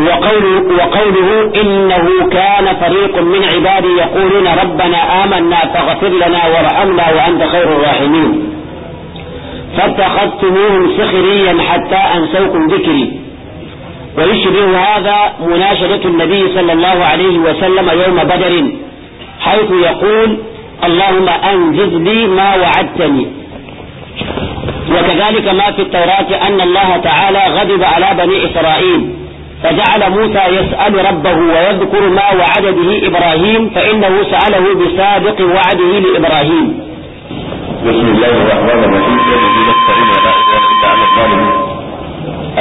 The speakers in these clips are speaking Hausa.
وقوله, وقوله إنه كان فريق من عبادي يقولون ربنا آمنا فاغفر لنا وارحمنا وأنت خير الراحمين فاتخذتموهم سخريا حتى أنسوكم ذكري ويشبه هذا مناشدة النبي صلى الله عليه وسلم يوم بدر حيث يقول اللهم أنجز لي ما وعدتني وكذلك ما في التوراة أن الله تعالى غضب على بني إسرائيل فجعل موسى يسأل ربه ويذكر ما وعد به إبراهيم فإنه سأله بسابق وعده لإبراهيم بسم الله الرحمن الرحيم الذي نستعين ولا إله إلا على الظالمين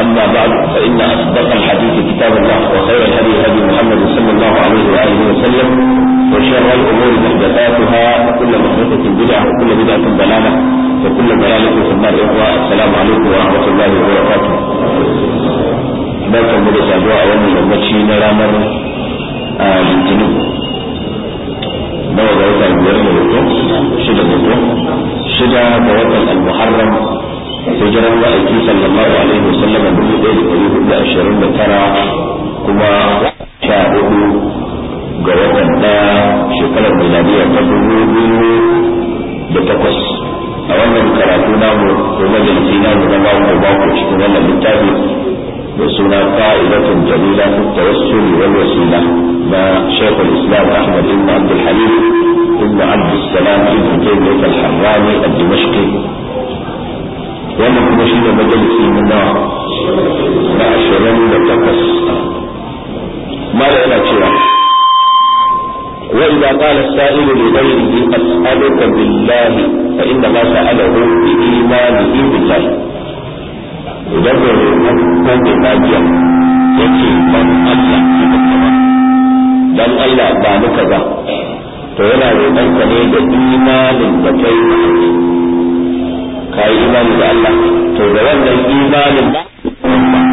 أما بعد فإن أصدق الحديث كتاب الله وخير الهدي هدي محمد صلى الله عليه وآله وسلم وشر الأمور محدثاتها وكل محدثة بدعة وكل بدعة ضلالة وكل ضلالة في النار السلام عليكم ورحمة الله وبركاته barkan mu da saduwa a wannan yammaci na ranar ah, litinin nawa ga wata biyar da hoto shida hoto shida da watan al-muharram hijiran ma'aiki sallallahu alaihi wasallam dubu ɗaya da ɗari hudu ashirin da tara kuma sha hudu ga watan ɗaya shekarar miladiya ta dubu biyu da takwas a wannan karatu namu ko majalisi namu na ba ku cikin wannan littafi بسنا قائدة جميلة في التوسل والوسيلة ما شيخ الإسلام أحمد بن عبد الحليم بن عبد السلام بن تيمية الحراني الدمشقي ومن كما مجلس من نار ما شرم لتقص ما لا تشوى وإذا قال السائل لغيره أسألك بالله فإنما سأله بإيمانه بالله idan bai ko bai lafiya ya ce ban Allah ba dan Allah ba kaza to yana ka ne da imanin da kai kai imani da Allah to da wannan imanin ba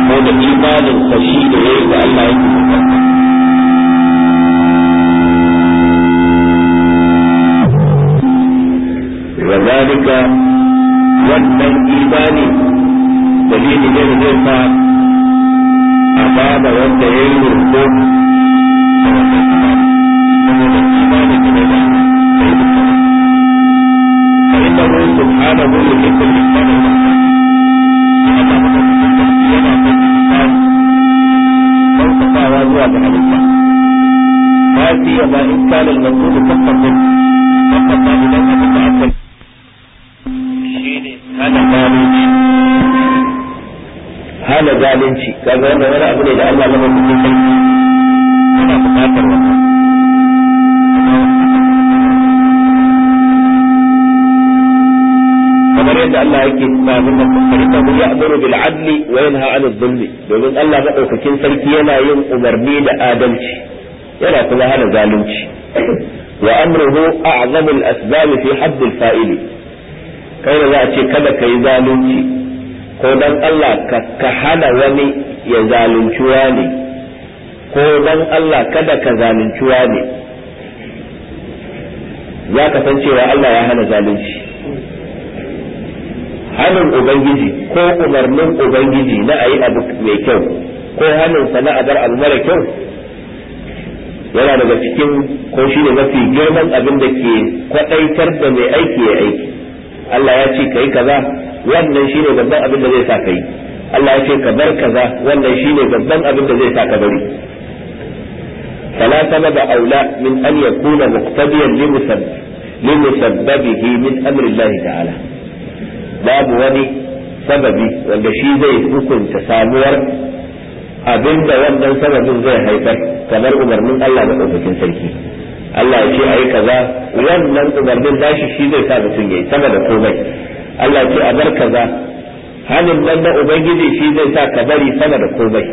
ko da imanin ka shi da yayi da Allah العادية لا إمكان المنظور فقط فقط لأنها تتعكس هذا ظالمشي هذا ظالمشي قال لي أنا أقول إلى الله لما تتعكس أنا أتعكس فمريد الله يكيد ما هم فريقه يأمر بالعدل وينهى عن الظلم بمن الله بقوا فكين فريقينا يوم أمرني لآدمشي yana kuma hana zalunci wa amruhu a'zamul asbab fi hadd al-fa'il kai da za a ce kada kai zalunci ko dan Allah ka hana wani ya zalunci wani ko dan Allah kada ka zalunci wani ya cewa Allah ya hana zalunci hanin ubangiji ko umarnin ubangiji na a yi abu mai kyau ko hanin sa na a abu mara kyau yana daga cikin ko shi ne mafi girman abin da ke kwadaitar da mai aiki ya aiki Allah ya ce kai kaza wannan shi ne babban abin da zai sa ka yi. Allah ya ce ka bar kaza wannan shi ne babban abin da zai sa ka bari فلا سبب أولى من أن يكون مقتديا لمسبب لمسببه من أمر الله تعالى باب وني sababi wanda shi zai hukunta samuwar Abin da wannan sababin zai haifar kamar umarnin Allah da ɗaukakin sarki Allah ya ce ayi kaza wannan umarnin dashi shi zai sa mutum yayi sama da komai Allah ya ce a bar kaza hannun nan na ubangiji shi zai sa ka bari sama da komai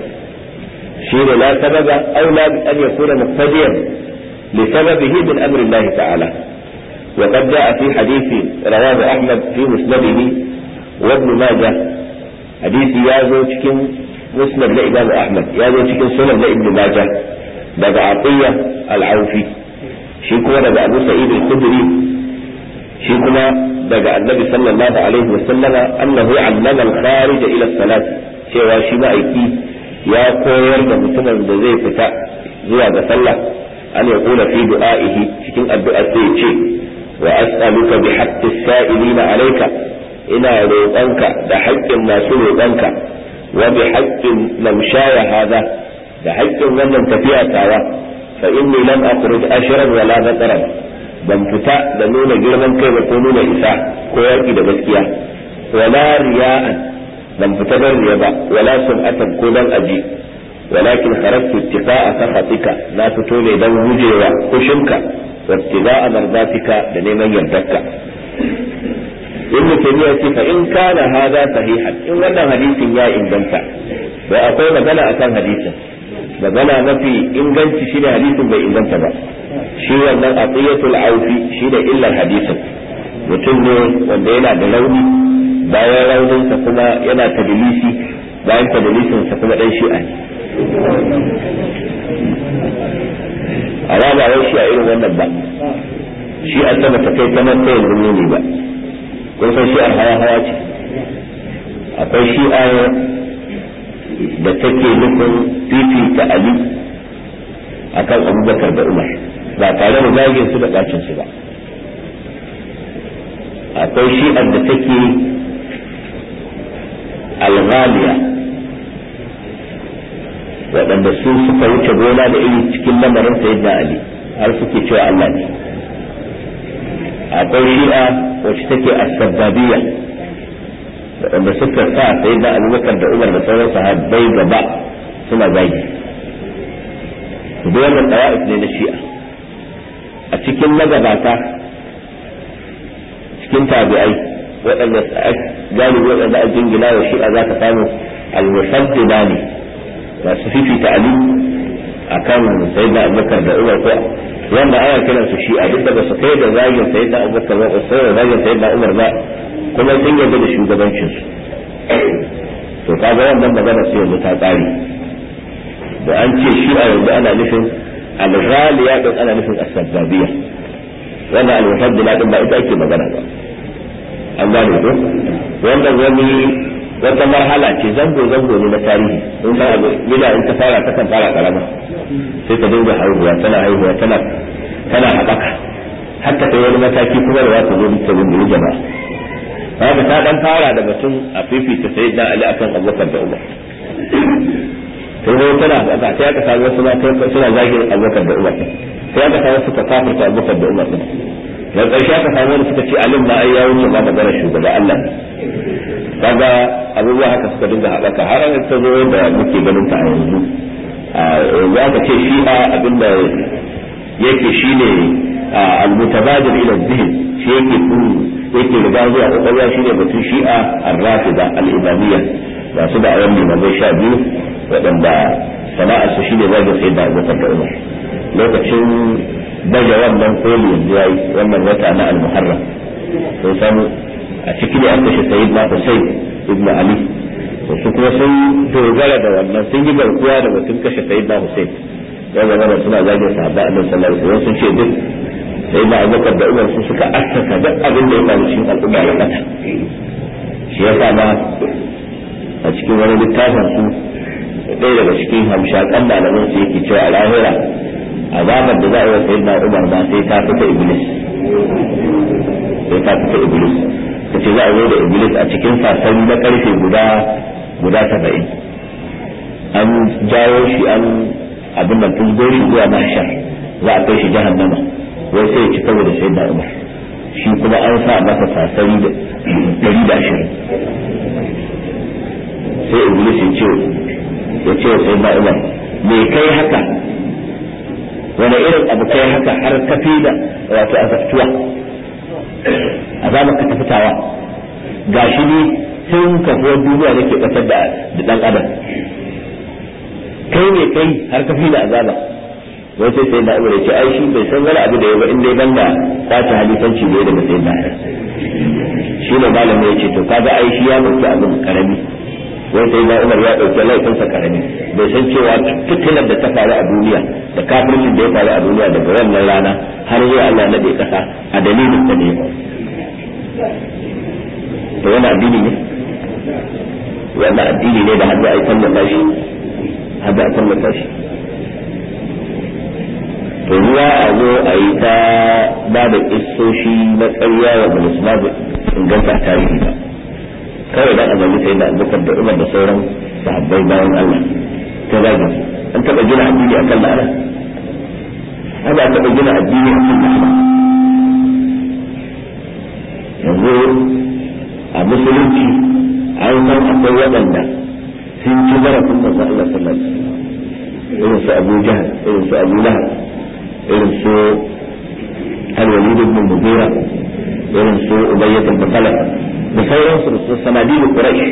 shi ne la sababa aula bi an yakuna muqtadiyan li sababihi min amri Allah ta'ala وقد جاء في حديث رواه أحمد في مسنده وابن ماجه ya zo cikin. musnad na imam ahmad ya zo cikin sunan na ibnu majah daga atiya al shi kuma daga abu sa'id al-khudri shi kuma daga annabi sallallahu alaihi wasallama annahu allama al-kharij ila salat cewa shi aiki ya koyar da mutumin da zai fita zuwa ga sallah an ya kula fi du'a'ihi cikin addu'a sai ce wa as'aluka bi haqqi ina roƙonka da haƙƙin masu roƙonka wa bi haqqin mamshaya hadha da haƙƙin wannan tafiya tawa fa inni lam akhruj ashran wala bataran ban fita da nuna girman kai ba ko nuna isa ko yaki da gaskiya wala riya'an ban fita dan riya ba wala sun'atan ko dan aji walakin kharajtu ittifa'a sakhatika na fito ne dan gujewa kushinka wa ittiba'a mardatika da neman yardarka ibnu taymiya ce fa in kana hada sahihan in wannan hadisin ya inganta ba akwai magana akan hadisin magana mafi inganci shi da hadisin bai inganta ba shi wannan aqiyatul aufi da illar hadisin mutum ne wanda yana da rauni bayan rauninsa kuma yana tadilisi bayan sa kuma dan shi'a ne a ba wai shi a irin wannan ba shi an ta kai ta mata yanzu ne ba kun san shi'ar hawa hawa ce akwai shi shi'ar da take nufin fifita ali kan abubakar da umar ba tare da zagin su da bacin su ba akwai shi shi'ar da take alghaliya waɗanda su suka wuce gona da iri cikin lamarin sayyidina ali har suke cewa Allah ne akwai shi'a wacce take sababiya wanda suka sa sai da abubakar da umar da sauran sahabbai gaba suna zagi duk wannan dawa'is ne na shi'a a cikin magabata cikin tabi'ai waɗanda gani waɗanda a jingina wa shi'a za ka samu al ba ne masu fifita ali kan sai da abubakar da umar ko wanda ana kiran su a duk da ba su kai da zagin sai da abubakar ba su kai da zagin sai da umar ba kuma sun yarda da shugabancin su to kaga wannan magana sai yanzu ta tsari da an ce shi a yanzu ana nufin al-ghaliya da ana nufin as-sababiyya Wanda al-muhaddila din ba ita ake magana ba an gane ko wanda wani wata marhala ce zango zango ne na tarihi in ba yana in ta fara ta kan fara karama sai ta dinga haihuwa tana haihuwa tana tana haɓaka har ta kai wani mataki kuma da za ta zo ta gundumi jama'a haka ta dan fara da batun a fifita sai dan Ali akan Abubakar da Umar sai dai tana haɓaka sai aka samu wasu ma suna zagin Abubakar da Umar sai aka samu suka kafarta Abubakar da Umar da ƙarshe aka samu wani suka ce alim ma ai ya wuce da magana shugaba Allah kaga abubuwa haka suka dinga haɗaka har an ta zo da muke ganin ta a yanzu za ka ce shi'a abinda yake shi ne mutabadir ila dhihin shi yake yake riga zuwa kwakwalwa ne batun shi'a ar-rafida al masu ba su da ayyukan mazai sha biyu waɗanda sana'ar su shine zagin sai da abubakar da lokacin baje wannan koli yanzu yi wannan wata na al sun samu a ciki da an kashe sayid na hussein ibn ali wasu kuma sun dogara da wannan sun yi garkuwa da batun kashe sayid na hussein ya zama da suna zagin sahaba a nan sun ce duk sai na abubakar da umar su suka assasa duk abin da ya faru cikin al'umma ya kata shi ya ma a cikin wani littafin su ɗaya daga cikin hamshakan malaman su yake cewa a lahira azabar da za a yi wa na umar ma sai ta fita iblis sai ta fita iblis ta ce za a zo da iblis a cikin sasani na karfe guda guda saba'in an jawo shi an abin nan fulgori zuwa mahshar za a kai shi jahannama wai sai ya ci kawai da sai da umar shi kuma an sa masa sasani da dari da ashirin sai iblis ya ce ya ce sai da umar me kai haka wani irin abu kai haka har kafi da wato azabtuwa azabar ka ta fitawa gashi ne sun kafuwar duniya ke kasar da ɗan adam kai ne kai har ka fi da azaba wai sai sai da umar ce ai shi bai san wani abu da ya ba in dai banda kwace halifanci ne da matsayin da shi ne malamin ya ce to kaga ai ya mutu abin karami wai sai da Umar ya dauke laifin sa karami bai san cewa fitinar da ta faru a duniya da kafircin da ya faru a duniya daga wannan rana har zuwa Allah na bai kasa a dalilin da ne to wani addini ne wannan addini ne da har za a yi tallata shi a to ruwa a zo a yi ta ba da isoshi na ƙarya wa musulma inganta tarihi ba kawai dan azabi sai da abubakar da umar da sauran sahabbai bayan Allah ta zagi an taba gina addini akan la'ana ana taba gina addini akan la'ana yanzu a musulunci an san akwai waɗanda sun ci zarafin manzo Allah sallallahu irin su Abu Jahal irin su Abu Lahab irin su Al-Walid ibn Mughira irin su Ubayyah da Khalaf da sauransu da sanadin quraish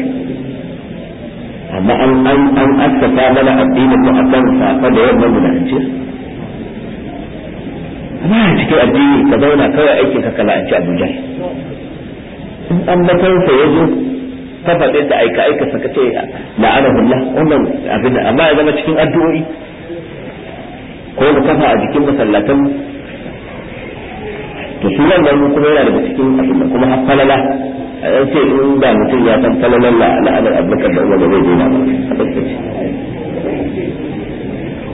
amma an an an askata mana addinin ko akan safa da yamma mu lalace amma a cikin addini ka zauna kawai aikin ka kala'anci abuja in an matansa ya zo ka faɗe da aika aika saka ce la'anahullah wannan abin da amma ya zama cikin addu'o'i ko da kafa a jikin masallatan to su wannan kuma yana daga cikin abin kuma hafalala a ce in ba mutum ya san falalar la'anar abubakar da umar da zai zina ba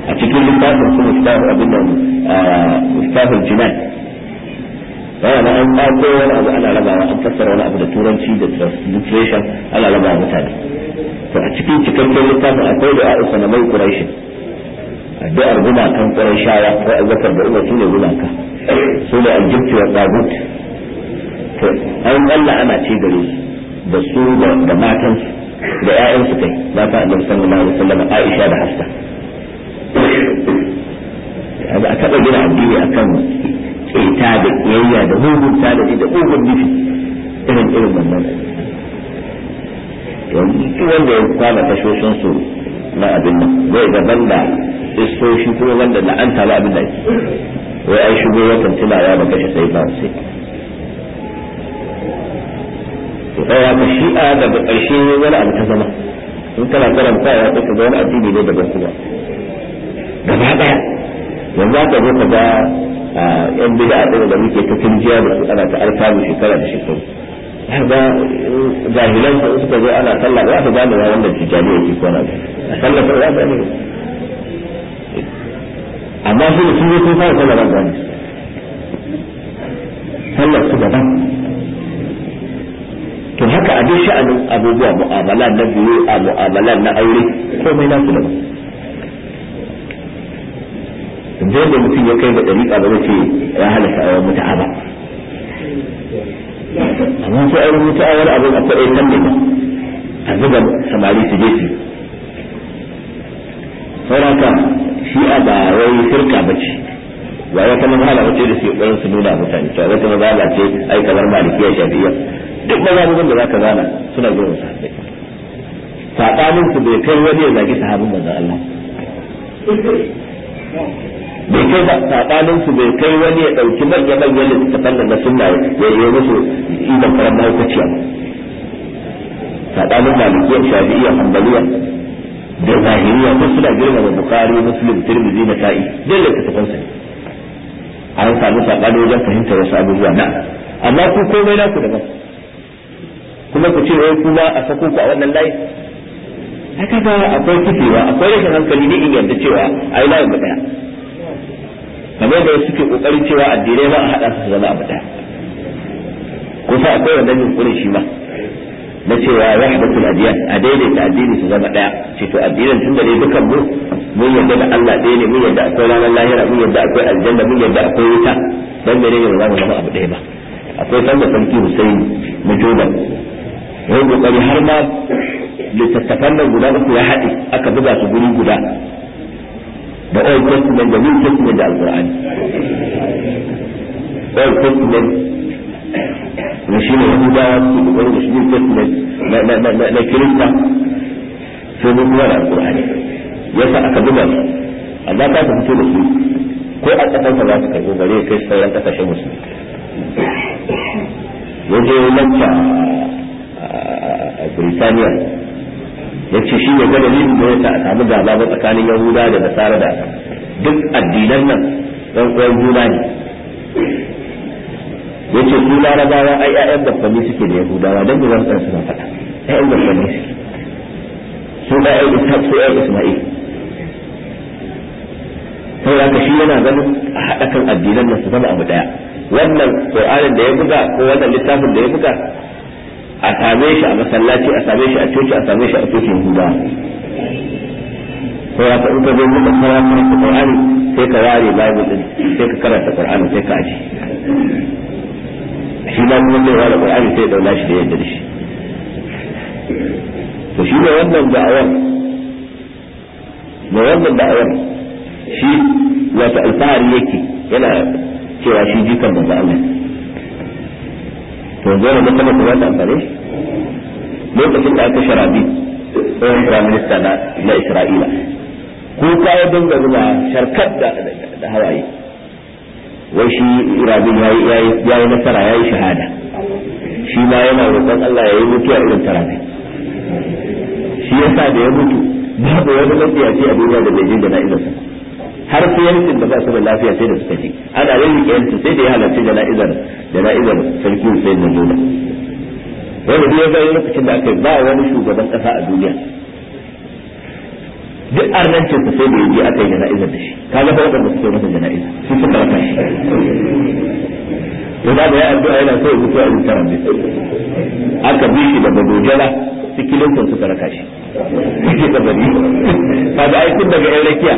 a cikin littafin su mustafa abin nan mustahar jinan wani an ɓato wani abu ana raba an fassara wani abu da turanci da translation ana raba mutane to a cikin cikakken littafin akwai da na mai kurashin addu'ar gumakan ƙurashawa ko zakar da umar su ne gumaka su ne aljibti wa tsagut to an Allah ana ce gare su da su da matan da ƴaƴan su kai ba ta Allah sallallahu alaihi wasallam Aisha da Hafsa a taɓa gina addini akan keta da kiyayya da hukunta da da ugun nufi irin irin wannan yanzu wanda ya kwana tashoshin su na abin nan zai ga banda isoshi kuma wanda la'anta ba abin da wai ai shigo watan tilawa ba kashe sai ba sai tsaya ka shi'a daga ƙarshe wani abu ta zama in kana karanta ya sai ka ga wani addini ne daban kuma gaba ɗaya yanzu aka zo ka ga yan bid'a ɗaya da muke ta tunjiya da su ana ta arkamu shekara da shekaru ga jahilan ka suka zo ana sallah ba su gane wa wannan tijani yake ba a sallah sai za su amma shi ne sun zo sun fara sallah ba gane sallah su daban a duk sha'anin abubuwa mu'amala na biyu a mu'amala na aure komai na da zai da mutum ya kai ga dariƙa ba ce ya halatta a wani mutu'a ba amma sai a wani mutu'a wani abin akwai ɗaya kan nema a zuba samari su je su sauraka a ba wai firka ba ce ba wata mazhala ba ce da su yi ƙwarin su nuna mutane cewa wata mazala ce ai kamar malikiya shafi'iyya duk mu da zaka zana suna girma sahabbai sabanin su bai kai wani ya zagi sahabin da Allah bai kai ba sabanin su bai kai wani ya dauki manyan manyan littafan da na sunna ya yi musu idan karan mahaukaciya ba sabanin malikiyar shafi'iyya hanbaliya da zahiriya ko suna girma da bukari muslim tirmidhi na ta'i. dole ka tafan sa an samu sabani wajen fahimtar wasu abubuwa na amma ku komai na ku daban kuma ku ce wai kuma a sako ku a wannan layi haka ga akwai kifewa akwai rashin hankali ne in yarda cewa yi layin bada. kamar da suke kokarin cewa addinai ba a hada su zama a bada. kusa akwai wannan yunkurin shi ma na cewa ya haɗa adiyan a daidaita addini su zama ɗaya ce to addinin tun da ne dukan mu mun yarda da Allah ɗaya ne mun yarda akwai ranar lahira mun yarda akwai aljanna mun yarda akwai wuta dan da ne ba za mu zama abu ɗaya ba akwai sanda sarki Hussein na Jordan ya yi kokari har ma littattafan nan guda uku ya haɗe aka buga su guri guda da old testament da new testament da alqur'ani old testament na shi ne yahudawa su kokari da shi new testament na kirista sai mun kuma da alqur'ani yasa aka buga su amma ta ta fito da su ko a ta za su karbi bare kai sauran ƙasashen musulmi wajen lanta a Birtaniya ya ce shi ne gada yin da yasa a samu gaba ba tsakanin Yahuda da Nasara da duk addinan nan ɗan ƙwayar juna ne ya ce su larabawa ai ƴaƴan dafami suke da Yahudawa don mu zan suna faɗa ƴaƴan babbani su ƴaƴan Ishaq su ƴaƴan Isma'il sai haka shi yana ganin a haɗa kan addinan nan su zama abu ɗaya wannan Qur'anin da ya buga ko wannan littafin da ya buga a same shi a masallaci a same shi a coci a same shi a cocin guda ko ya faɗi ka zo muka karanta da Qur'ani sai ka ware Bible din sai ka karanta Qur'ani sai ka aji shi ba kuma zai ware Qur'ani sai daula shi da yadda shi to shi ne wannan da'awar da wannan da'awar shi wata alfahari yake yana cewa shi jikan da Allah to yanzu ne kuma ta amfane shi lokacin da aka sharabi tsohon firaminista minister na isra'ila ko ya dinga zuma sharkar da hawaye wai shi rabin ya yi nasara ya yi shahada shi ma yana roƙon Allah ya yi mutu a irin ta shi shi sa da ya mutu babu wani lafiya ce a duniya da bai je jana'izarsa har sai yankin da ba su da lafiya sai da suka je ana yin yankin sai da ya halarci da na'izar sarki sai na nuna. wanda duk ya ga lokacin da aka yi ba wani shugaban kasa a duniya duk arnancin sa sai da yaji aka yi jana'izar da shi ka ga ba wanda suke masa jana'iza su suka raka shi to da ya addu'a yana so ya mutu a rubuta rabbi aka bi shi da badojala sikilin sun suka raka shi suke bari ka ga aikin daga yan rakiya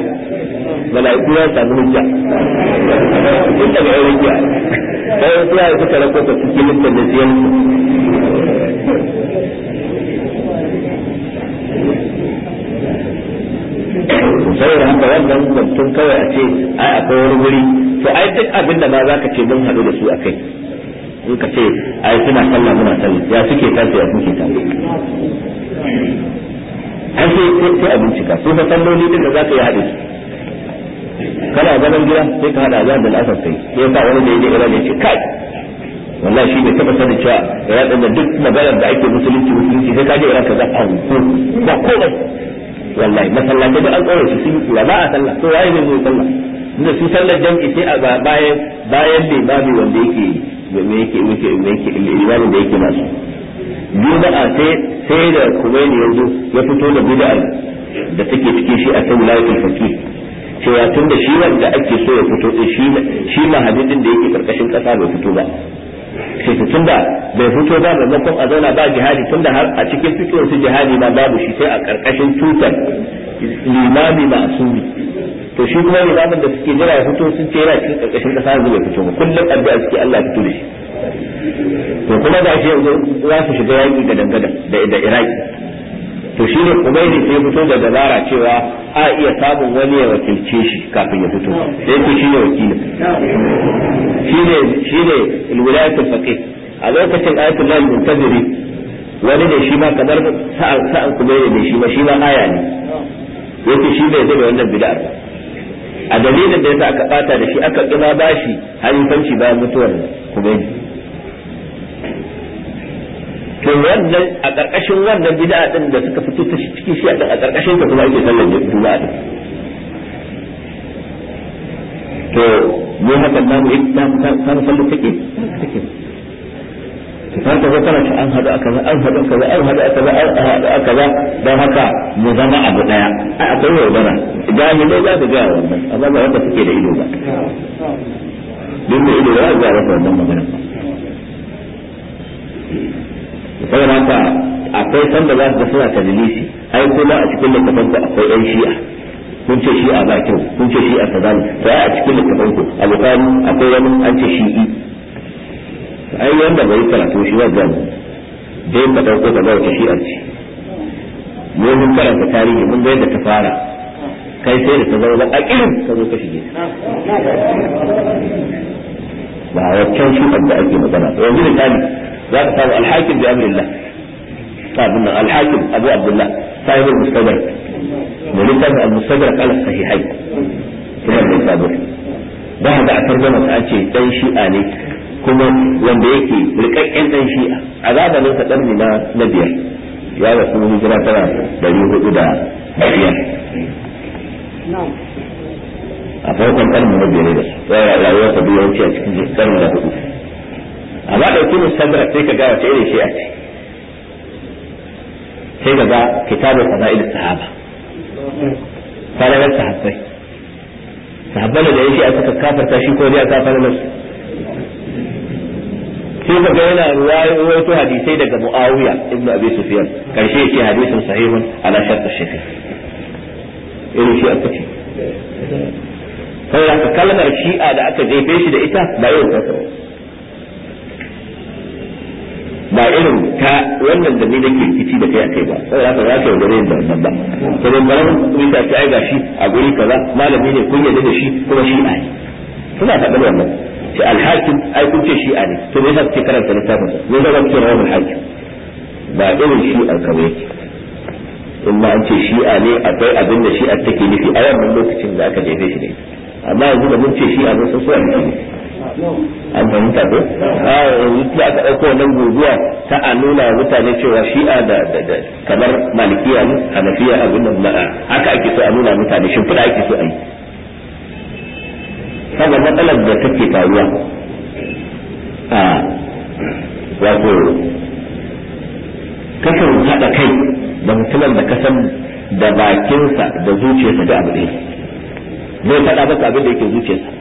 mala'iku ya samu hujja tun daga yan rakiya bayan suya suka rako ta sikilin sun da siyan saboda haka wannan mutum kawai a ce ai akwai wani wuri to ai duk abin da ba za ka ce mun haɗu da su a kai in ka ce ai suna sallah muna sallah ya suke kansu ya kuke tare an sai sai a bincika su fa salloli din da za ka yi haɗe kana ganin gida sai ka haɗa azan da al'asar kai sai ka wani da ya je gaba ne ce kai wallahi shi bai taba sanin cewa ya da duk maganar da ake musulunci musulunci sai kaje Iran za an ko ba komai wallahi masallaci da an tsore su sun yi ba a sallah to yayi ne zai sallah inda su sallar jam'i sai a bayan bayan babu wanda yake me yake yake yake limamin da yake masu juma'a sai sai da kumaini yanzu ya fito da bid'a da take cikin shi a kan wilayatul fakih cewa tun da shi wanda ake so ya fito din shi shi mahadin da yake karkashin kasa bai fito ba sai da bai fito ba makon a zauna ba jihadi tunda har a cikin fikirin su jihadi ba babu shi sai a karkashin tutar limami ma'asumi to shi kuma limamin da suke jira ya fito sun ce yana cikin karkashin kasa yanzu bai fito ba kullum addu'a suke Allah fito da shi to kuma ga shi yanzu za su shiga yaki da dangada da Iraki to shi ne kuma yi sai fito da dabara cewa a iya samun wani ya wakilce shi kafin ya fito sai ku shi ne wakilin shi ne shi ne alwilayatul faqih a lokacin ayatul lahi muntaziri wani da shi ma kamar sa'an sa'an kubaidi da shi ma shi ma aya ne yake shi bai zai da wannan bid'a ba a dalilin da yasa aka bata da shi aka kima bashi fanci bayan mutuwar kuma kubaidi wannan a ƙarƙashin wannan bid'a din da suka fito ta cikin shi a ƙarƙashin ta kuma ake sallar juma'a din to mu haka na mu ta ta sallar take take ta ta zata tana an hada aka an hada aka an hada aka an hada aka za dan haka mu zama abu daya a akwai yaudara dai za ka ga wannan amma ba wanda take da ido ba duk da ido za su ga wannan magana saboda haka akwai sanda za su ga suna tadlisi ai kuma a cikin littafin ku akwai yan shi'a kun ce shi'a ba kyau kun ce shi'a ta ne to ai a cikin littafin ku a bukari akwai wani an ce shi'i ai wanda bai karatu shi ba zan dai ba dauko ka ga wata shi'a ce mu mun karanta tarihi mun ga yadda ta fara kai sai da ta zama a akirin ka zo ka shige ba waccan shi da ake magana yanzu tani za ka samu alhakim bi Allah abin nan alhakim abu abdullah sahib al-mustadrak da littafin al-mustadrak ala sahihai kuma da sabu da haka a tarjama ta ce dan shi'a ne kuma wanda yake rikakken dan shi'a a zamanin sa karni na na biyar ya ga kuma hijira tara dari hudu da biyar a farkon karni na biyar da su rayuwar ta ce a cikin karni na hudu amma ɗauki sadara sai ka ga wace irin shi'a ce sai ka ga kitabu fada'il sahaba fadalar sahabbai sahabbai da ya shi'a suka kafarta shi ko ya kafar nasu sai ka ga yana ruwaito hadisai daga muawiya ibnu abi sufyan karshe yake hadisin sahihun ala shart shafi irin shi'a kace sai ka kalmar shi'a da aka jefe shi da ita ba irin kasa irin ta wannan da ni da ke kici da kai a kai ba saboda haka za ka yaudare da wannan ba to ban bara mun ta ai gashi a guri kaza malami ne kun yarda da shi kuma shi ne suna faɗa wannan ce alhakin ai kun ce shi ne to me yasa kake karanta littafin me yasa kake rawu alhakin ba irin shi alkawai in ma an ce shi'a ne akwai abin da shi'a take nufi a wannan lokacin da aka jefe shi ne amma yanzu da mun ce shi'a mun san su ne an fahimta ko a ah, yanzu aka ɗauko wannan guguwa ta a nuna mutane cewa shi'a da kamar malikiya ne hanafiya abin da na'a haka ake so a nuna mutane fura ake so a yi saboda matsalar da take faruwa a wato kasan haɗa kai da mutumin da kasan da bakinsa da zuciyarsa da abu ɗaya zai faɗa maka abin da yake zuciyarsa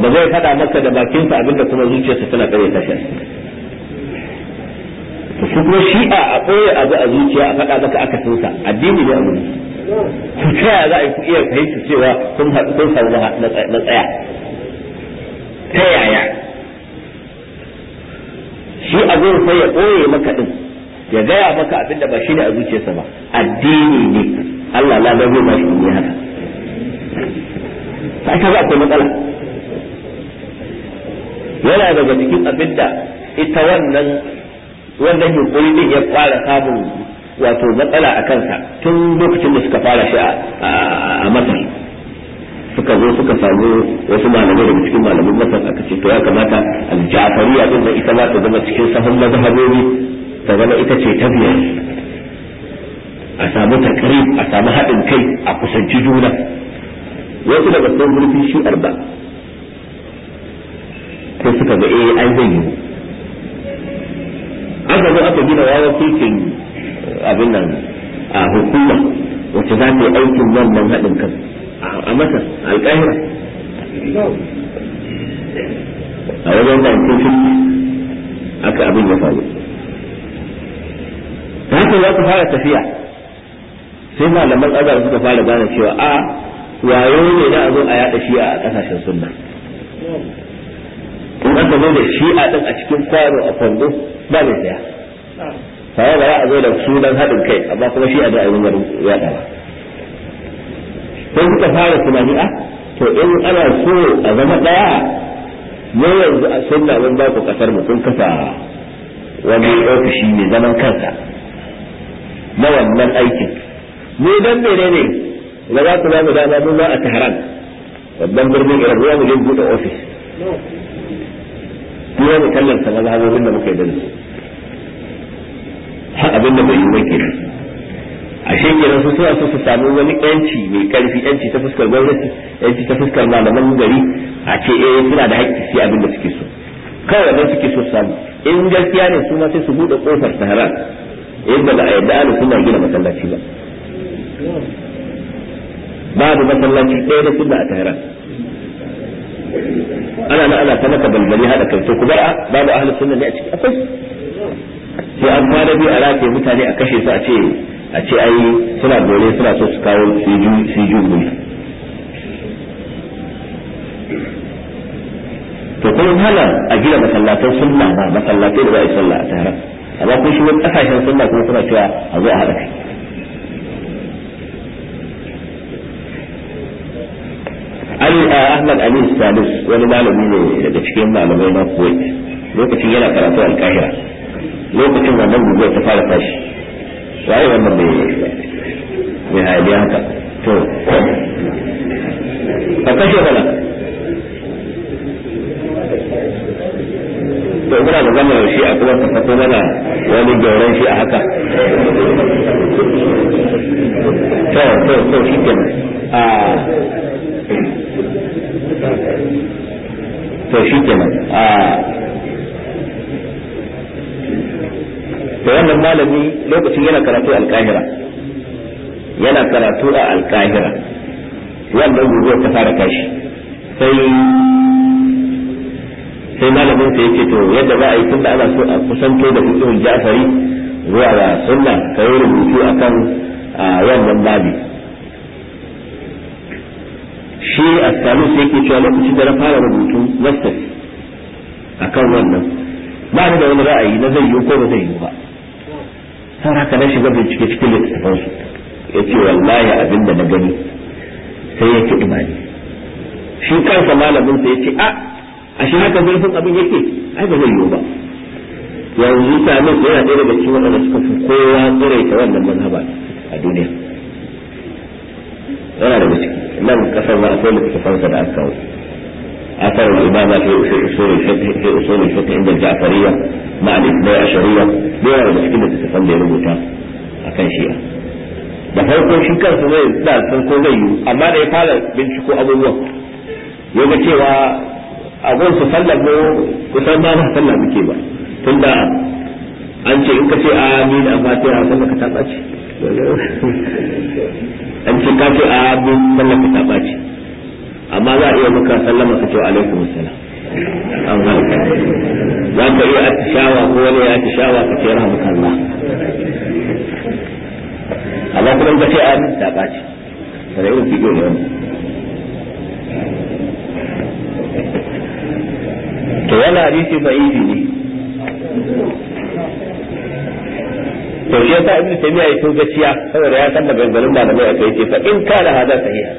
ba zai faɗa maka da bakinsa abinda kuma zuciyarsa tana kare ta shi su kuma shi'a a ɓoye abu a zuciya a faɗa maka aka sa addini ne abu ku ta za a yi ku iya fahimta cewa kun haɗu kun samu na tsaya ta yaya shi abin sai ya ɓoye maka ɗin ya gaya maka abin da ba shi ne a zuciyarsa ba addini ne Allah la zai ba shi ne haka ta ka za akwai matsala yana daga cikin abinda ita wannan wannan yunkuri din ya fara samun wato matsala a kansa tun lokacin da suka fara shi a masar suka zo suka samu wasu malamai daga cikin malamin masar aka ce to ya kamata al-ja'fariya din da ita ma ta zama cikin sahun mazhabobi ta zama ita ce ta biyar a samu takrib a samu haɗin kai a kusanci juna wasu daga cikin zurfin shi'ar ba sai suka ga eh an zai yi aka zo aka gina wawa fikin abin nan a hukuma wacce za ta yi aikin wannan haɗin kan a masar alƙahira a wajen da aka abin ya faru ta haka za ku fara tafiya sai malaman azar suka fara gane cewa a wayo ne na a zo a yada shi a kasashen sunna aka zo da a ɗan a cikin kwano a kwando ba mai tsaya kawai ba a zo da sunan haɗin kai amma kuma shi a da ayyukan yaɗa ba sai suka fara tunani a ah, to in ana so a zama ɗaya ne yanzu a sunna mun ba ku ƙasar mu sun kasa wani ofishi mai zaman kansa na wannan aikin mu dan menene ga za ku ba mu dama mun ba a Tehran babban birnin irin za mu je buɗe ofis ya sa kallanta mazhabobin da muka yi dani har abin da bai yi ba kenan a kenan su suna so su samu wani yanci mai karfi yanci ta fuskar gwamnati yanci ta fuskar malaman gari a ce eh suna da haƙƙi sai abin da suke so kawai wanda suke so samu in gaskiya ne su ma sai su buɗe kofar sahara yadda ba a yarda ana suna gina masallaci ba babu masallaci ɗaya da kuma a tehran ana na ana ta maka balbali hada kai to ku ba da ahli sunna ne a ciki akwai sai an fara biyu a rataye mutane a kashe su a ce a ce ai suna dole suna so su kawo su yi jugun to kuma hana a gina masallatan sunna ba masallatai da ba a yi sallah a tare amma kun wani kasashen sunna kuma suna cewa a zo a haɗa kai Muhammad Ali Salis wani malami ne daga cikin malamai na Kuwait lokacin yana karatu alkahira lokacin wannan gugu ta fara tashi waye wannan mai mai haliya haka to ka kashe wala to muna da zama shi a kuma ta fako mana wani gauran shi a haka to to to shi kenan ah. to shi nan a to wannan malami lokacin yana karatu alkahira yana karatu a alkahira wannan gobe ta fara kashi sai sai malamin sai yake to yadda za a yi tunda ana so a kusanto da fiqhul ja'fari zuwa ga sunna yi rubutu akan wannan babi shi a sai ke cewa lokacin da na fara rubutu a akan wannan ba ni da wani ra'ayi na zai yi ko ba zai yi ba har haka na shiga bincike cikin littattafansu ya ce wallahi abin da na gani sai ya ci imani shi kansa malamin sa ya ce a ah, shi haka zurfin abin yake ai ba zai yi ba yanzu samin yana ɗaya daga cikin da suka fi kowa tsiraita wannan mazhaba a duniya yana daga ciki nan kasar ma akwai littattafansa da aka a الإمامة في ke الفقه في inda jafariya عند الجعفرية a shari'a عشرية بيرى da تتفهم لربوتا أكن شيئا da ya rubuta a kan Da farko shi kansa zai da san ko zai yi amma da ya fara binciko abubuwa ya cewa abun su sallar mu kusan ba ba sallar muke ba Tun da. an ce in ka ce amin a fatiha sallar ka ta ɓaci an ce ka ce amin sallar ka ta ɓaci amma za a iya maka sallama ka ce alaikum assalam an halka za ka iya atishawa ko wani ya atishawa ka ce rahmaka Allah amma kuma in ka ce amin ta ɓaci da irin figo ne wannan to wani hadisi fa'idi ne to shi yasa ibnu taymiya yayin gaciya saboda ya san maganganun malamai akai ce fa in kana hada sahiha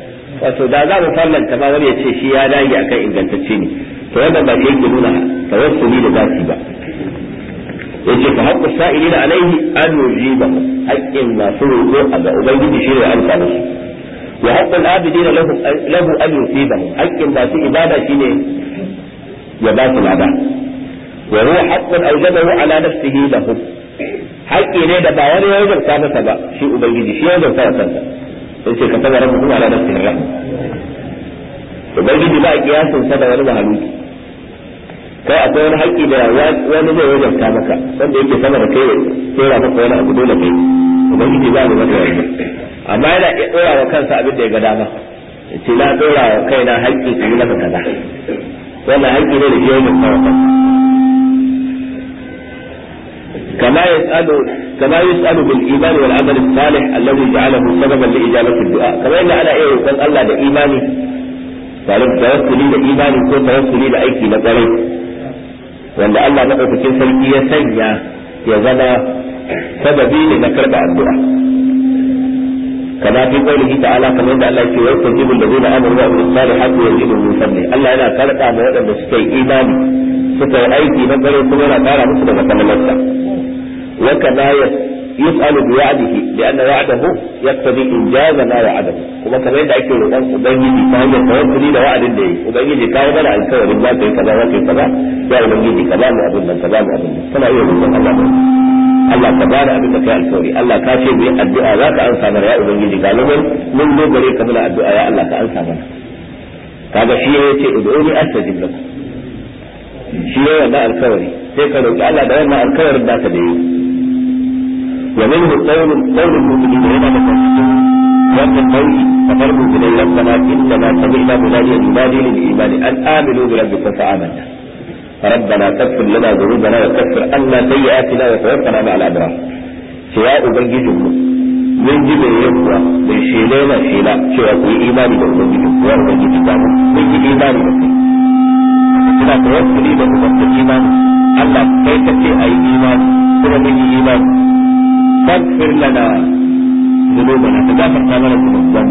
wato da za mu fallanta ba wani ya ce shi ya dage akan ingantacce ne to wannan ba shi yake nuna tawassuli da zati ba yace fa haqqu sa'ilin alaihi an yujibahu haqqin masu roƙo a ga ubangiji shi ne an samu wa haqqul abidina lahu lahu an yusibahu haqqin masu ibada shine ya ba su lada wa huwa haqqun awjabahu ala nafsihi lahu haƙƙi ne da ba wani ya zarta masa ba shi ubangiji shi ya zarta wa kansa sai ce ka saba rabbukum ala da rahma ubangiji ba a kiyasin sa da wani mahaluki kai akwai wani haƙƙi da wani zai wajarta maka wanda yake sama da kai sai ra maka wani abu dole kai ubangiji ba maka wani amma yana iya dora wa kansa abin da ya ga dama ce na dora wa kaina haƙƙi su yi maka kaza wannan haƙƙi ne da shi ya zarta wa kansa كما يسأل كما يسأل بالإيمان والعمل الصالح الذي جعله سببا لإجابة الدعاء كما إن على إيه يقول الله ده إيماني قالوا توسلي ده إيماني كون توسلي ده أيكي مثلا وأن الله نقف كيف يسنى يزنى سببي لنكرب الدعاء كما في قوله تعالى كما يدعى الله يكي ويستجيب الذين امنوا وعملوا الصالحات ويجيب المسلمين الله yana karɓa ma waɗanda suka yi suka yi aiki na gare kuma yana ƙara musu daga kallon وكما يسأل بوعده لأن وعده يقتضي إنجاز ما وعده وما كما يدعي كي يقول أبنجي فهو يتوكلي لوعد اللي أبنجي كاو بلا عن كور الله كذا وكي كذا يا أبنجي كذا ما أبن من كذا ما أبن كما يقول الله الله Allah ka bada abin da kai alkawari Allah ka ce mai addu'a za ka ansa mana ya ubangiji ga mun mun dogare ka mana addu'a ya Allah ka ansa mana kaga shi ya ce ud'uni astajib lakum shi ya wannan sai ka roki Allah da wannan alkawarin ومنه قول قول المؤمنين هنا مفسدون وأن القول فقربوا إلى ربنا إنما سمعنا مناديا ينادي للإيمان أن آمنوا بربكم فآمنا ربنا تغفر لنا ذنوبنا وتغفر عنا سيئاتنا وتوفنا مع الأبرار سواء بنجزهم mun ji bai من kuwa bai shela yana shela cewa ku yi imani من ubangiji kuwa ubangiji ta mu mun yi imani da kai ina tawakkuli da ubangiji imani Allah kai ka ce ayi imani kuma mun yi imani faghfir lana dhunubana ka gafarta mana dhunuban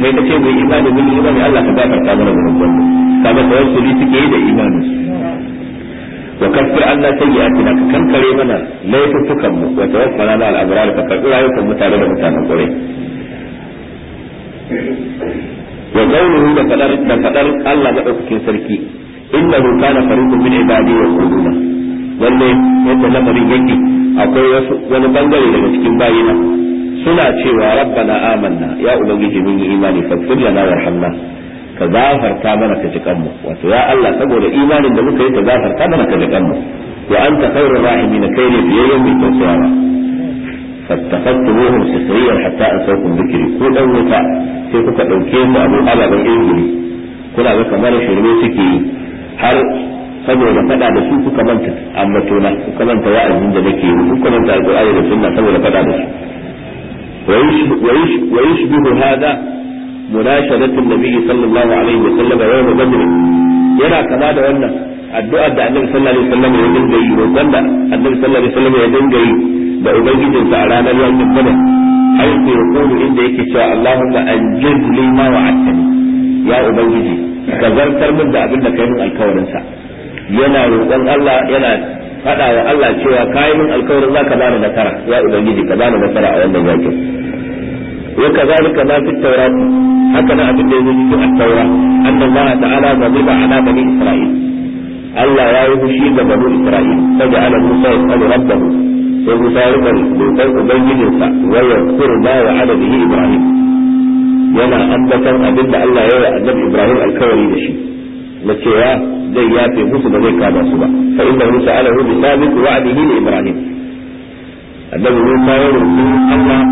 kai kace mai imani mun yi bane Allah ka gafarta mana dhunuban kaga tawassuli suke da imani wa ta yi sayyi'atina ka kankare mana laifukan mu wa tawaffana ma al-abrar ka karbi rayukan mu tare da mutanen kwarai wa qawluhu da fadar da fadar Allah madaukakin sarki innahu kana fariqun min ibadi yaquluna lalle yadda lamarin yake akwai wani bangare daga cikin bayina suna cewa rabbana amanna ya ubangiji mun yi imani faghfir lana warhamna ka zafarta mana ka ji kanmu wato ya Allah saboda imanin da muka yi ka gafarta mana ka ji kanmu wa anta khairur rahimin kai ne biyayyen mai tausayawa fattakhadtumuhum sukriyan hatta asawkum dhikri ko dan wuta sai kuka dauke mu abu alaban ingili kuna ga kamar shirme suke har saboda fada da su kuka manta ambatona kuka manta wa'azin da nake yi kuka manta alqur'ani da sunna saboda fada da su wa yushbihu hadha munashadatu an-nabi sallallahu alaihi wa sallam yana kama da wannan addu'ar da annabi sallallahu alaihi ya dinga yi roƙon da annabi ya dinga yi da ubangijinsa a ranar yakin badr har sai ya inda yake cewa Allahumma anjid li ma wa'adtani ya ubangiji zartar min da abin da kai min yana roƙon Allah yana faɗa wa Allah cewa kayi min alkawarin za ka ni nasara ya ubangiji ka ni nasara a wannan yakin wa kazalika ma fi tawrat haka na abin da yake cikin at-taura anna Allah ta'ala ghadiba ala bani isra'il Allah ya yi shi ga bani isra'il ala Musa yas'alu rabbahu sai Musa ya rubuta roƙon ubangijinsa wa yadhkuru ma wa'ada bihi Ibrahim yana ambatar abin da Allah ya yi annabi Ibrahim alkawari da shi na cewa zai yafe musu ba zai kama su ba fa inna hu sa'alahu bi sabiq wa'dihi li ibrahim annabi Musa ya roki Allah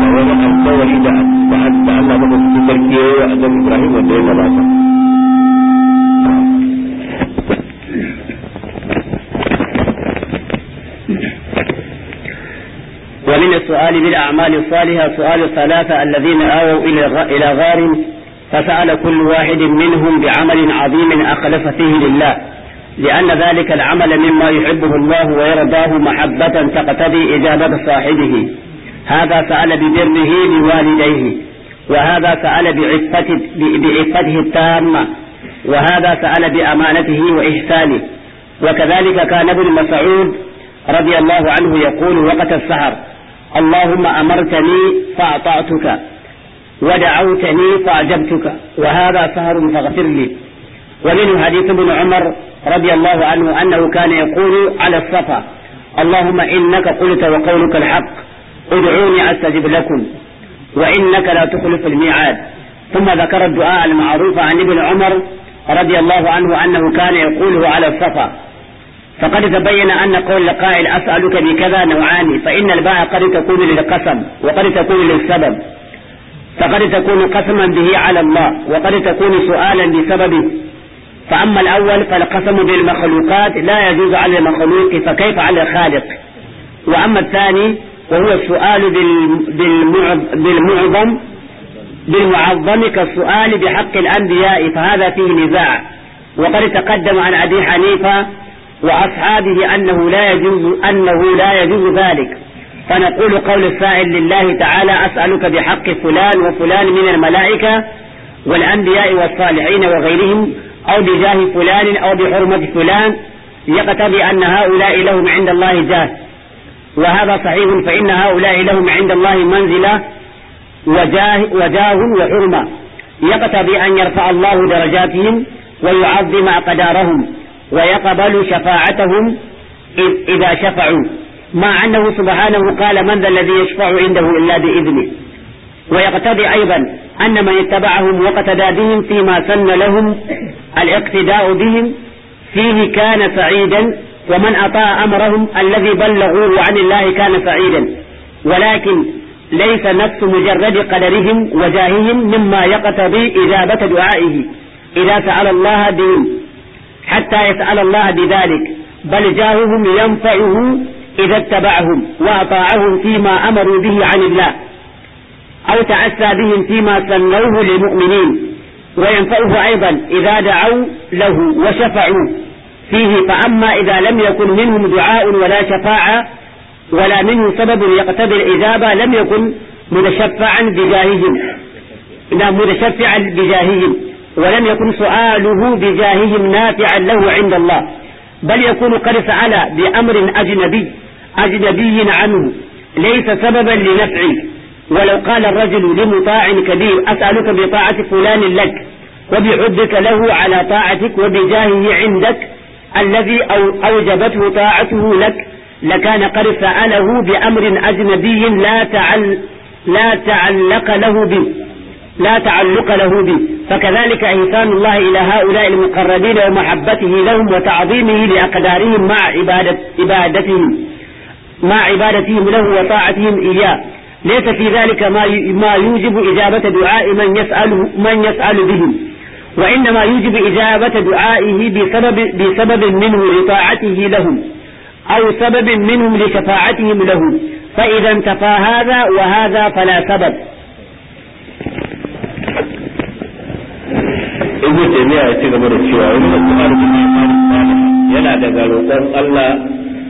da wani alƙawari da da Allah ba su sarki ya yi annabi Ibrahim wanda ya gabata ومن السؤال بالأعمال الصالحة سؤال الثلاثة الذين آووا إلى غار ففعل كل واحد منهم بعمل عظيم أخلف فيه لله لأن ذلك العمل مما يحبه الله ويرضاه محبة تقتضي إجابة صاحبه هذا فعل ببره لوالديه وهذا فعل بعفته, التامة وهذا فعل بأمانته وإحسانه وكذلك كان ابن مسعود رضي الله عنه يقول وقت السحر اللهم أمرتني فأطعتك ودعوتني فأجبتك وهذا سهر فاغفر لي ومنه حديث ابن عمر رضي الله عنه أنه كان يقول على الصفا اللهم إنك قلت وقولك الحق ادعوني أستجب لكم وإنك لا تخلف الميعاد ثم ذكر الدعاء المعروف عن ابن عمر رضي الله عنه أنه كان يقوله على الصفا فقد تبين أن قول القائل أسألك بكذا نوعان فإن الباء قد تكون للقسم وقد تكون للسبب فقد تكون قسما به على الله وقد تكون سؤالا بسببه فأما الأول فالقسم بالمخلوقات لا يجوز على المخلوق فكيف على الخالق وأما الثاني وهو السؤال بالمعظم بالمعظم كالسؤال بحق الأنبياء فهذا فيه نزاع وقد تقدم عن أبي حنيفة وأصحابه أنه لا يجوز أنه لا يجوز ذلك فنقول قول الفاعل لله تعالى أسألك بحق فلان وفلان من الملائكة والأنبياء والصالحين وغيرهم أو بجاه فلان أو بحرمة فلان يقتضي أن هؤلاء لهم عند الله جاه وهذا صحيح فإن هؤلاء لهم عند الله منزلة وجاه, وجاه وحرمة يقتضي أن يرفع الله درجاتهم ويعظم أقدارهم ويقبل شفاعتهم إذا شفعوا مع أنه سبحانه قال من ذا الذي يشفع عنده إلا بإذنه ويقتضي أيضا أن من اتبعهم واقتدى بهم فيما سن لهم الاقتداء بهم فيه كان سعيدا ومن أطاع أمرهم الذي بلغوه عن الله كان سعيدا ولكن ليس نفس مجرد قدرهم وجاههم مما يقتضي إجابة دعائه إذا سأل الله بهم حتى يسأل الله بذلك بل جاههم ينفعه إذا اتبعهم وأطاعهم فيما أمروا به عن الله أو تعسى بهم فيما سنوه للمؤمنين وينفعه أيضا إذا دعوا له وشفعوا فيه فأما إذا لم يكن منهم دعاء ولا شفاعة ولا منه سبب يقتضي الإجابة لم يكن متشفعا بجاههم لا متشفعا بجاههم ولم يكن سؤاله بجاههم نافعا له عند الله بل يكون قد سأل بأمر أجنبي أجنبي عنه ليس سببا لنفعي ولو قال الرجل لمطاع كبير أسألك بطاعة فلان لك وبحبك له على طاعتك وبجاهه عندك الذي أوجبته طاعته لك لكان قد فعله بأمر أجنبي لا تعل لا تعلق له به لا تعلق له به فكذلك إنسان الله إلى هؤلاء المقربين ومحبته لهم وتعظيمه لأقدارهم مع عبادة عبادتهم مع عبادتهم له وطاعتهم إياه ليس في ذلك ما ما يوجب إجابة دعاء من يسأل من يسأل به وإنما يوجب إجابة دعائه بسبب بسبب منه لطاعته لهم أو سبب منهم لشفاعتهم له فإذا انتفى هذا وهذا فلا سبب ابن تيمية يتيجى مرة شوى ومن الصحابة yana daga roƙon Allah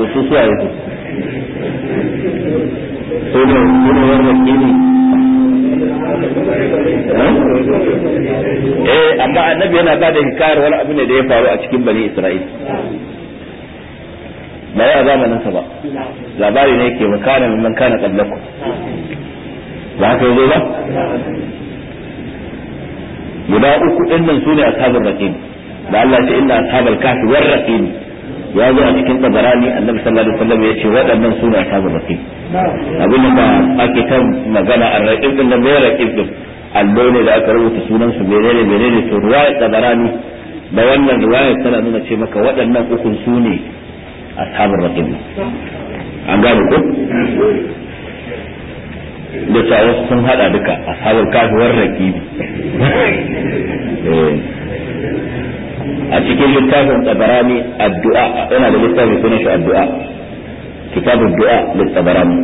to su suwa yake su ne su ne wanda ke ne eh, eh amma annabi yana ba da hikayar wani abu ne da ya faru a cikin bani isra'il ba ya zamanin sa ba labari ne yake makana man kana qablakum ba haka zo ba guda uku din nan sune ashabul raqib da Allah ya ce inna ashabal kahfi war raqib ya zo a cikin tabarani annabi sallallahu alaihi wasallam ya ce waɗannan suna ta bakai abin da ake kan magana a raƙib din da bai raƙib din allo ne da aka rubuta sunan su menene menene to ruwayar tabarani da wannan ruwayar tana nuna ce maka waɗannan uku su ne ashabul raƙib an gane ku? da cewa sun hada duka ashabar kafi war raƙib eh. a cikin littafin tsabarani addu'a yana da littafin suna shi addu'a kitab du'a da tsabarani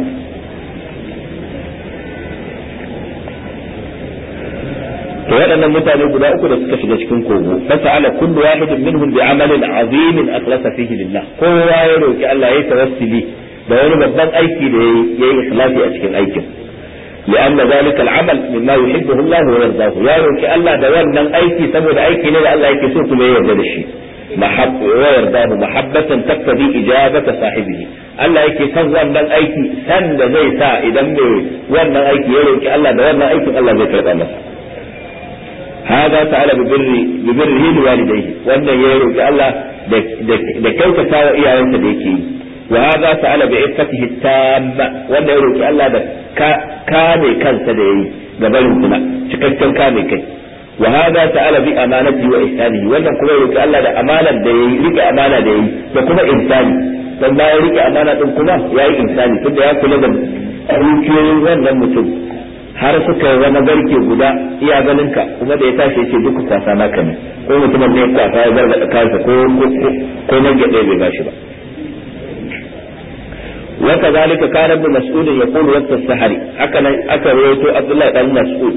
to waɗannan mutane guda uku da suka shiga cikin kogo ala kullu wahidin minhum bi amalin azimin akhlasa fihi lillah kowa ya roki Allah ya tawassuli da wani babban aiki da yayi yayi ikhlasi a cikin aikin لأن ذلك العمل مما يحبه الله ويرضاه يا روكي الله ده wannan aiki saboda aiki da Allah yake so kuma ya yarda da shi محب ويرضاه محبة تقتضي إجابة صاحبه Allah yake son wannan aiki san da zai sa idan mai wannan aiki ya roki Allah da wannan aikin Allah zai karɓa masa hada ta'ala bi birri bi birrihi walidayhi wannan ya roki Allah da kyautata wa iyayensa da yake yi wa hadha sa'ala bi iffatihi tamma wanda ya roki Allah da kame kansa da yayi ga barin zina cikakken kame kai wa hadha sa'ala bi amanati wa ihsani wannan kuma ya roki Allah da amanan da yayi rike amana da yayi da kuma insani ya insani ya kula da dukiyoyin wannan mutum har suka zama garke guda iya ganin ka kuma da ya tashi yace duk kwasa naka ne ko mutumin ne kwasa ya gargada kansa ko ko ko na gade bai bashi ba wa kadhalika kana ibn mas'ud yaqulu waqta sahari haka nan aka rawaito Abdullahi dan Mas'ud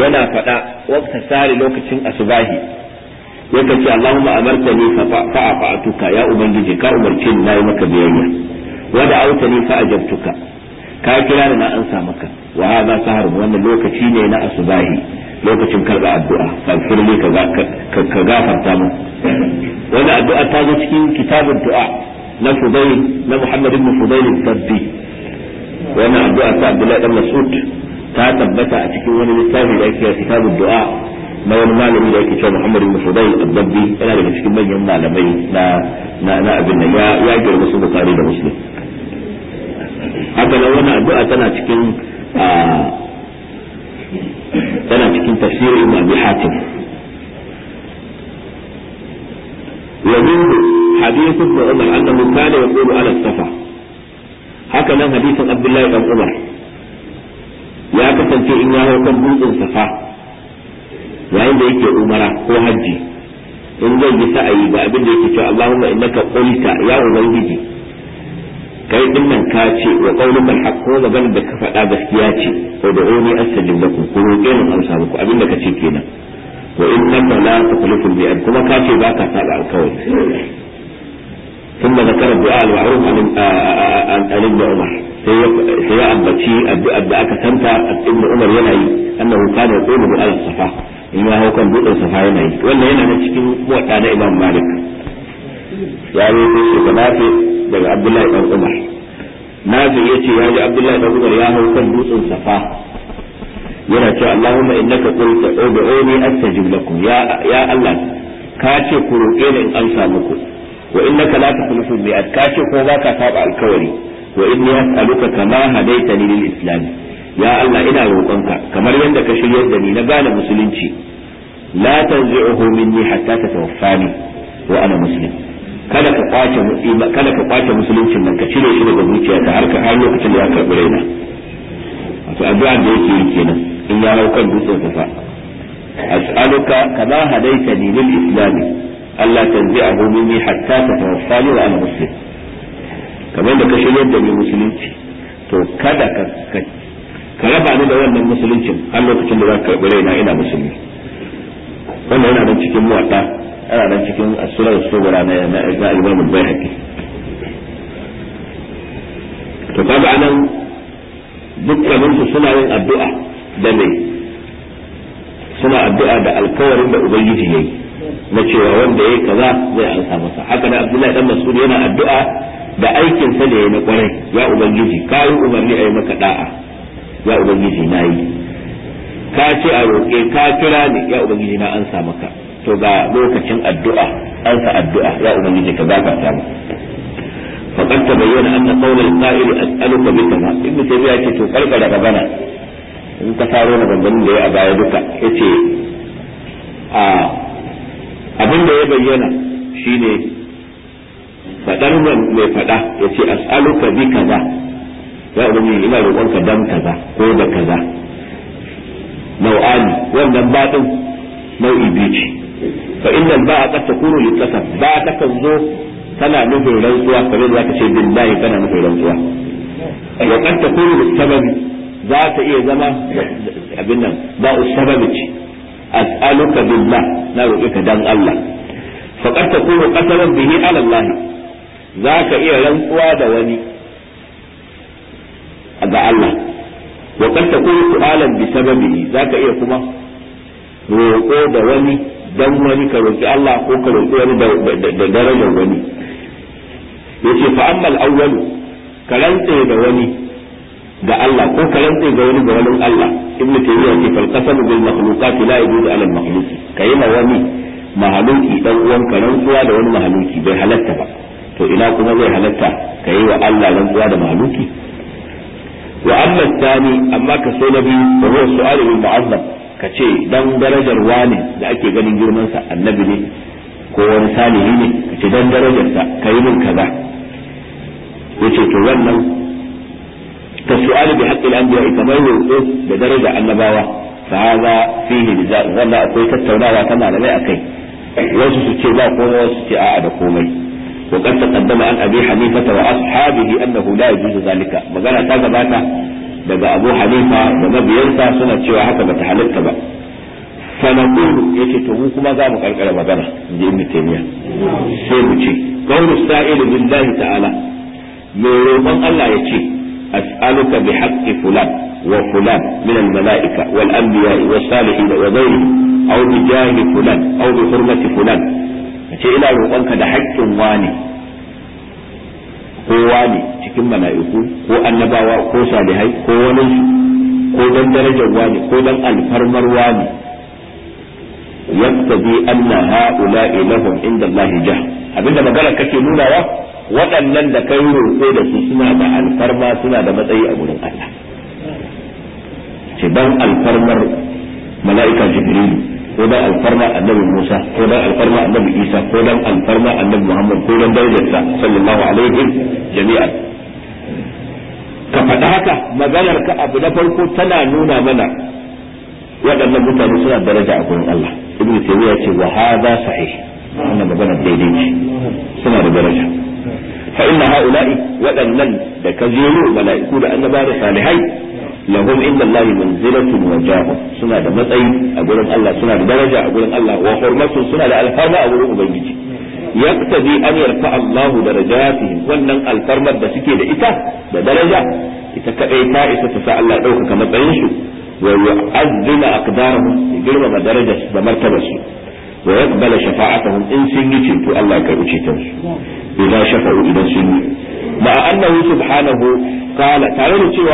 yana faɗa waqta sahari lokacin asubahi yake ce Allahumma amartani fa fa'atuka ya ubangiji ka umarce ni nayi maka biyayya auta da'awtani fa ajabtuka ka kira ni na ansa maka wa hadha sahar wannan lokaci ne na asubahi lokacin karba addu'a faghfir li ka gafarta min wannan addu'a ta zo cikin kitabun du'a na fudayl na Muhammad ibn fudayl al-Tabbi wani addu'a ta Abdullah ibn Mas'ud ta tabbata a cikin wani littafi da yake kitabu du'a na wani malami da yake cewa Muhammad ibn fudayl al yana daga cikin manyan malamai na na abin ya ya girma su bukari da Muslim haka nan wannan addu'a tana cikin ah, tana cikin tafsirin Ibn Abi Hatim ومنه حديث ابن عمر أنه كان يقول على الصفا هكذا حديث عبد الله بن عمر يا كسنتي إن هو كان بوض صفا وعند يكي عمر وحجي إن زي سأي بأبن يكي اللهم انك قلت يا أبيدي kai din nan ka ce wa qaulul haqq ko maganar da ka faɗa gaskiya ce ko da oni astajib lakum ku roƙe mu amsa muku abin da ka ce kenan wa in kanta la ta kulukul bi an kuma ka ba ka sa da alkawari kuma da kara du'a al-ma'ruf an an ibn umar sai ya ambaci addu'ar da aka tanta ibn umar yana yi annahu kana yaqulu bi al-safa in ya hawo kan dutsen safa yana yi wannan yana da cikin wata da imam malik ya yi ko shi kana ce daga abdullahi dan umar na ce ya ce ya ji abdullahi dan umar ya hawo kan dutsen safa yana cewa Allahumma innaka qulta ud'uni astajib lakum ya ya Allah ka ce ku roƙe ni in amsa muku wa innaka la tukhlifu al-mi'ad ka ce ko baka saba alkawari wa inni as'aluka kama hadaitani lil islam ya Allah ina roƙonka kamar yadda ka shiryar da ni na gane musulunci la tanzi'uhu minni hatta tatawaffani wa ana muslim kada ka kwace kada ka kwace musuluncin nan ka cire shi daga zuciyarka har ka har lokacin da ya karɓi raina wato addu'a da yake yi kenan in ya hau kan dutsen safa as'aluka ba hadaita ni lil islami Allah tanzi'ahu minni hatta tawassali wa ana muslim kamar da ka shiryar da ni musulunci to kada ka ka raba ni da wannan musuluncin har lokacin da za ka karɓi raina ina musulmi wannan yana nan cikin muwaɗa yana nan cikin asurar sobara na na imam al-bayhaqi to kaga anan dukkanin su suna yin addu'a da mai suna addu'a da alkawarin da ubangiji yayi na cewa wanda yayi kaza zai ansa masa haka da abdullahi dan mas'ud yana addu'a da aikin sa da yayi na kwarai ya ubangiji kai yi umarni ayi maka da'a ya ubangiji na yi ka ce a roƙe ka kira ni ya ubangiji na ansa maka to ga lokacin addu'a ansa addu'a ya ubangiji ka gafarta mu فقد تبين ان قول القائل اسالك as'aluka ابن kaza ibnu tabi'a ce to in ka faro na gangamin da ya a baya duka ya ce abin da ya bayyana shi ne faɗar mai faɗa ya ce a ka bi kaza ya yi ina roƙonka dan kaza ko da kaza nau'ani wannan baɗin nau'i biyu ce fa inda ba a ƙasa kuro yi ƙasa ba ta kan zo tana nufin rantsuwa kamar da zaka ce billahi kana nufin rantsuwa wa qad takunu bi sababi za ta iya zama abin nan ba sababi ce as'aluka billah na roƙe ka dan Allah kuma takunu qasaman bihi ala Allah za ka iya rantsuwa da wani ga Allah wa qad takunu su'alan bi sababihi za ka iya kuma roƙo da wani dan wani ka roƙi Allah ko ka roƙi wani da darajar wani yace fa amma al ka rantse da wani ga Allah ko ka rantse ga wani ga wani Allah ibnu taymiya ce fal qasam bil makhluqat la yujudu ala al makhluq kai ma wani mahaluki dan uwan ka rantsuwa da wani mahaluki bai halatta ba to ina kuma zai halatta kai wa Allah rantsuwa da mahaluki wa amma tsani amma ka so na biyu da huwa su'alu bil mu'azzam ka ce dan darajar wani da ake ganin girman sa annabi ne ko wani salihi ne ka ce dan darajar sa kai min kaza yace to wannan ka su'alu bi haqqil anbiya kamar roƙo da daraja annabawa fa hada fihi nizaa wannan akwai tattaunawa ta malamai akai wasu su ce ba komai wasu su ce a'a da komai wa qad taqaddama an abi hanifata wa ashabihi annahu la yajuzu zalika magana ta gabata daga abu hanifa da suna cewa haka bata halitta ba فنقول يتي تو كما ذا مقرقر مغانا دي ابن تيميه sai mu ce قول السائل بالله تعالى mai roƙon Allah ya ce أسألك بحق فلان وفلان من الملائكة والأنبياء والصالحين وغيرهم أو بجاه فلان أو بحرمة فلان ce ina roƙonka da haƙƙin wani ko wani cikin mala'iku ko annabawa ko salihai ko wani ko dan darajar wani ko dan alfarmar wani yaktabi anna ha'ula'i lahum inda Allah jah abinda magana kake nunawa waɗannan da kai roƙo da su suna da alfarma suna da matsayi a gurin Allah ce dan alfarmar mala'ika jibrilu ko dan alfarma annabi Musa ko dan alfarma annabi Isa ko dan alfarma annabi Muhammad ko dan daidaita sallallahu alaihi jami'an ka faɗa haka maganar ka abu na farko tana nuna mana waɗannan mutane suna daraja a gurin Allah ibnu taymiya ce wa hadha sahih wannan magana daidai ce suna da daraja fa inna waɗannan da ka jero mala'iku da annaba da salihai lahum inda Allah manzilatun wa jahu suna da matsayi a gurin Allah suna da daraja a gurin Allah wa hurmatun suna da alfarma a gurin ubangiji yaqtadi an yarfa Allah darajatihim wannan alfarmar da suke da ita da daraja ita kadai ta isa ta sa Allah ɗaukaka matsayin su wa yu'azzima aqdarahum girmama daraja da martabar su wa yaqbala shafa'atahum in sun yi ceto Allah ka karbi ceton su idan sun yi ba annahu subhanahu tare da cewa